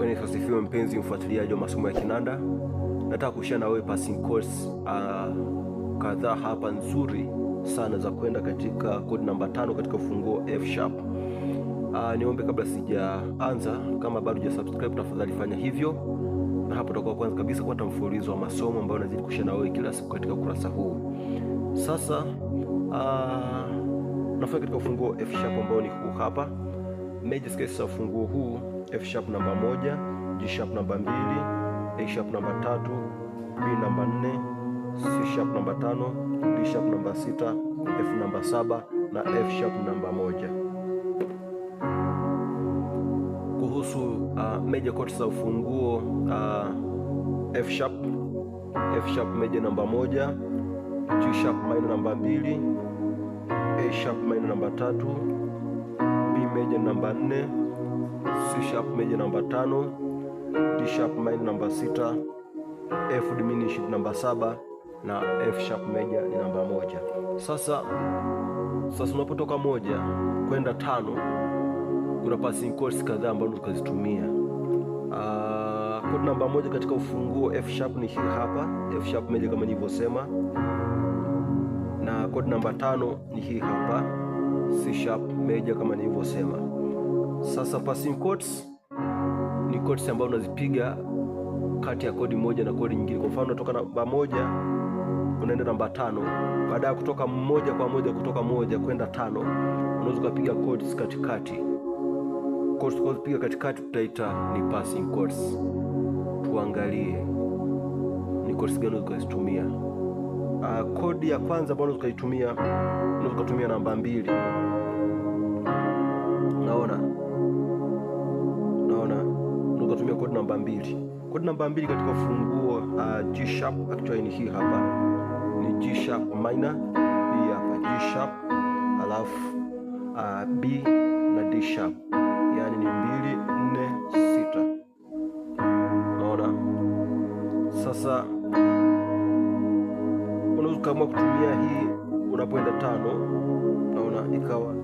Bwana Yesu asifiwe, mpenzi mfuatiliaji wa masomo ya kinanda, nataka kushare na wewe passing course uh, kadhaa hapa nzuri sana za kwenda katika kodi namba tano katika ufunguo F sharp. Uh, niombe kabla sijaanza, kama bado hujasubscribe tafadhali fanya hivyo, na hapo utakuwa kwanza kabisa kupata mfululizo wa masomo ambayo nazidi kushare na wewe kila siku katika ukurasa huu. Sasa uh, nafanya katika ufunguo F sharp ambao ni huu hapa major scales za ufunguo huu F sharp namba moja, G sharp namba mbili, A sharp namba tatu, B namba nne, C sharp namba tano, D sharp namba sita, F namba saba na F sharp namba moja. Kuhusu uh, major chords za ufunguo uh, F sharp, F sharp major namba moja, G sharp minor namba mbili, A sharp minor namba tatu meja namba 4, C sharp meja namba 5, D sharp minor namba 6, F diminished namba 7 na F sharp meja ni namba moja. Sasa sasa unapotoka moja kwenda tano kuna passing chords kadhaa ambazo tukazitumia. Uh, ah, kodi namba moja katika ufunguo F sharp ni hii hapa, F sharp meja kama nilivyosema, na kodi namba tano ni hii hapa C sharp major kama nilivyosema. Sasa passing chords ni chords ambazo unazipiga kati ya kodi moja na kodi nyingine. Kwa mfano unatoka namba moja unaenda namba tano, baada ya kutoka moja kwa moja kutoka moja kwenda tano unaweza kupiga chords katikati. Chords kupiga katikati tutaita ni passing chords. Tuangalie ni chords gani ukazitumia uh, kodi ya kwanza ambayo tukaitumia unaweza kutumia namba mbili. Naona naona unaweza kutumia kodi namba mbili. Kodi namba mbili katika funguo uh, ah, G sharp actually ni hii hapa, ni G sharp minor, hii hapa G sharp alafu uh, B na D sharp, yaani ni mbili nne sita. Unaona sasa ukaamua kutumia hii unapoenda tano, naona ikawa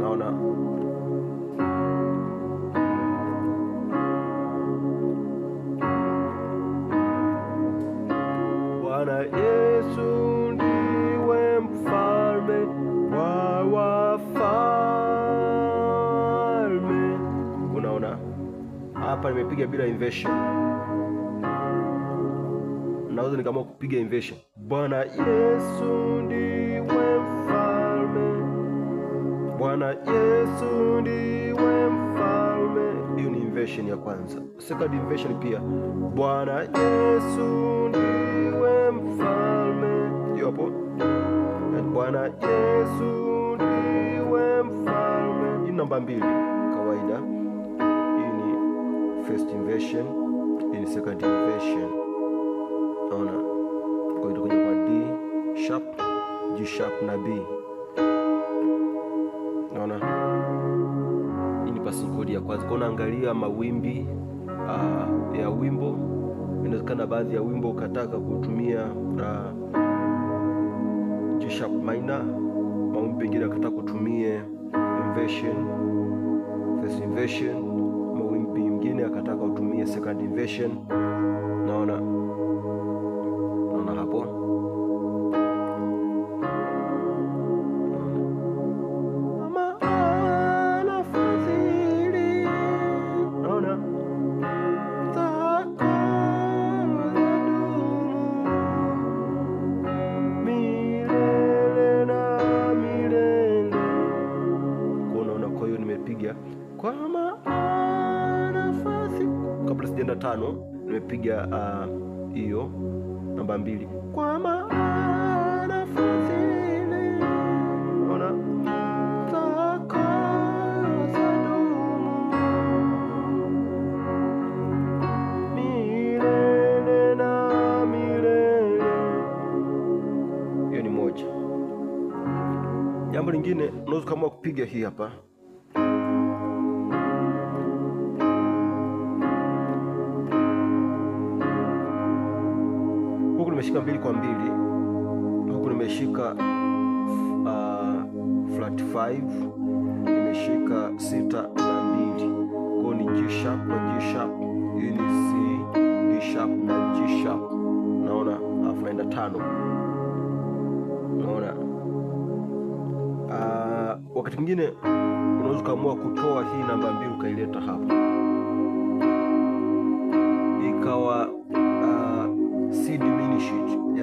naona Bwana Yesu ndiwe mfalme wa wafalme. Unaona hapa nimepiga bila inversion naweza nikaamua kupiga invasion. Bwana Yesu ndiwe mfalme, Bwana Yesu ndiwe mfalme. Hiyo ni invasion ya kwanza. Second invasion pia, Bwana Yesu ndiwe mfalme. Hiyo hapo, Bwana Yesu ndiwe mfalme. Hii namba mbili kawaida. Hii ni first invasion. hii ni second invasion unaona, kwa itakuja kwa D sharp, G sharp na B. Unaona, hii ni passing chord ya kwanza. Kwa unaangalia mawimbi uh, ya wimbo, inawezekana baadhi ya wimbo ukataka kutumia uh, G sharp minor, mawimbi pengine akataka kutumie inversion, first inversion, mawimbi mengine akataka utumie second inversion kwa nafasi kabla sijaenda tano nimepiga ah, hiyo uh, namba mbili kwa nafasi Jambo lingine unaweza kama kupiga hii hapa nimeshika mbili kwa mbili huku nimeshika uh, flat 5 nimeshika sita na mbili kwao ni G sharp na G sharp, hii ni C, D sharp na G sharp, naona alafu naenda tano, naona uh, wakati mwingine unaweza ukaamua kutoa hii namba mbili ukaileta hapa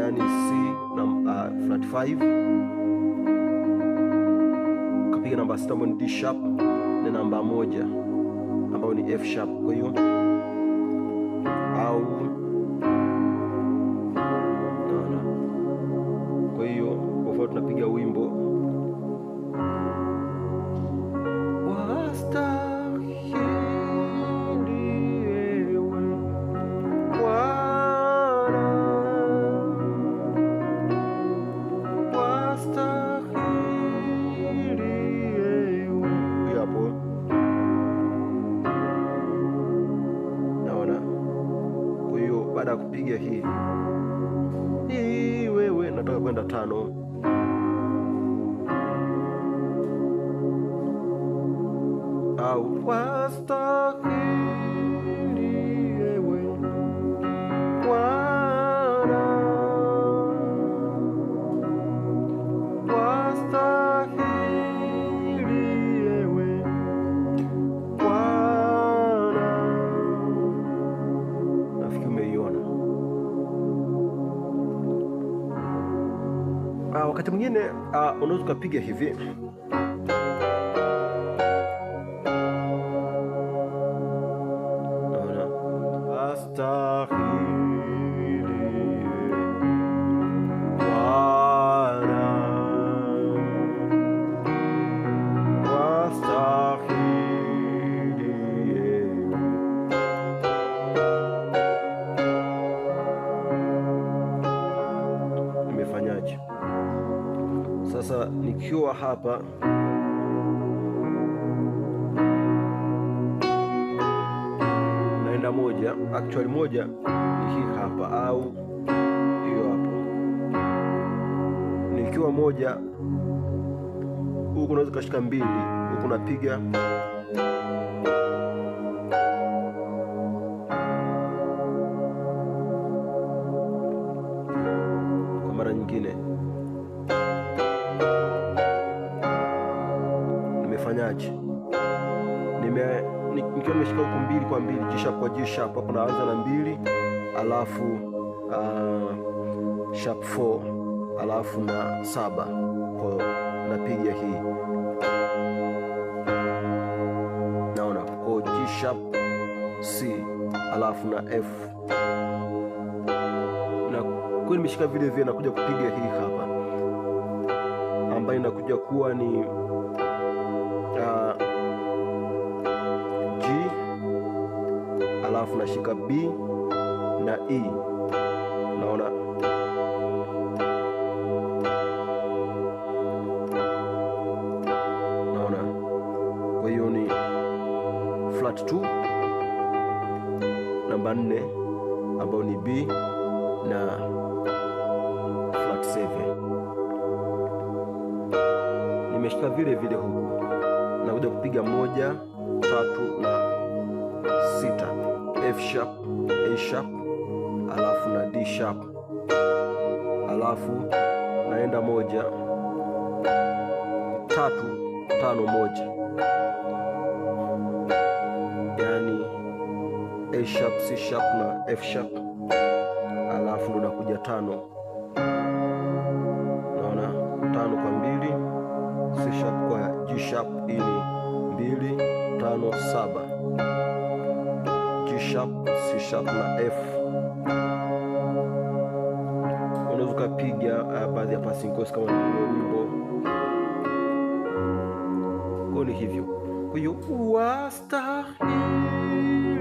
yani C na uh, flat 5 ukapiga namba sita ambayo ni D sharp na namba moja ambayo ni F sharp. Kwa hiyo au kwa hiyo kwa tunapiga wimbo kwenda tano. Au wastahili wakati mwingine uh, unaweza ukapiga hivi Astaghfirullah Sasa nikiwa hapa naenda moja, actually moja ni hii hapa au hiyo hapo. Nikiwa moja, huku unaweza ukashika mbili, huku napiga nikiwa nimeshika huku mbili kwa mbili, G sharp kwa G sharp, hapo naanza na mbili alafu uh, sharp 4 alafu na saba, kwa hiyo napiga hii, naona kwa G sharp C alafu na F na kwa nimeshika vile vile, nakuja kupiga hii hapa ambayo inakuja kuwa ni alafu nashika B na E, naona naona. Kwa hiyo ni flat 2 namba 4 ambayo ni B na flat 7. Nimeshika vile vile huku, nakuja kupiga moja tatu na F sharp, A sharp, alafu na D sharp, alafu naenda moja tatu tano moja, yani A sharp, C sharp na F sharp, alafu ndo nakuja tano. Naona tano kwa mbili, C sharp kwa G sharp, ili mbili tano saba sharp, C sharp na F. Unaweza ukapiga uh, baadhi ya passing chords kama nilivyo wimbo kwa ni hivyo, kwa hiyo wastahili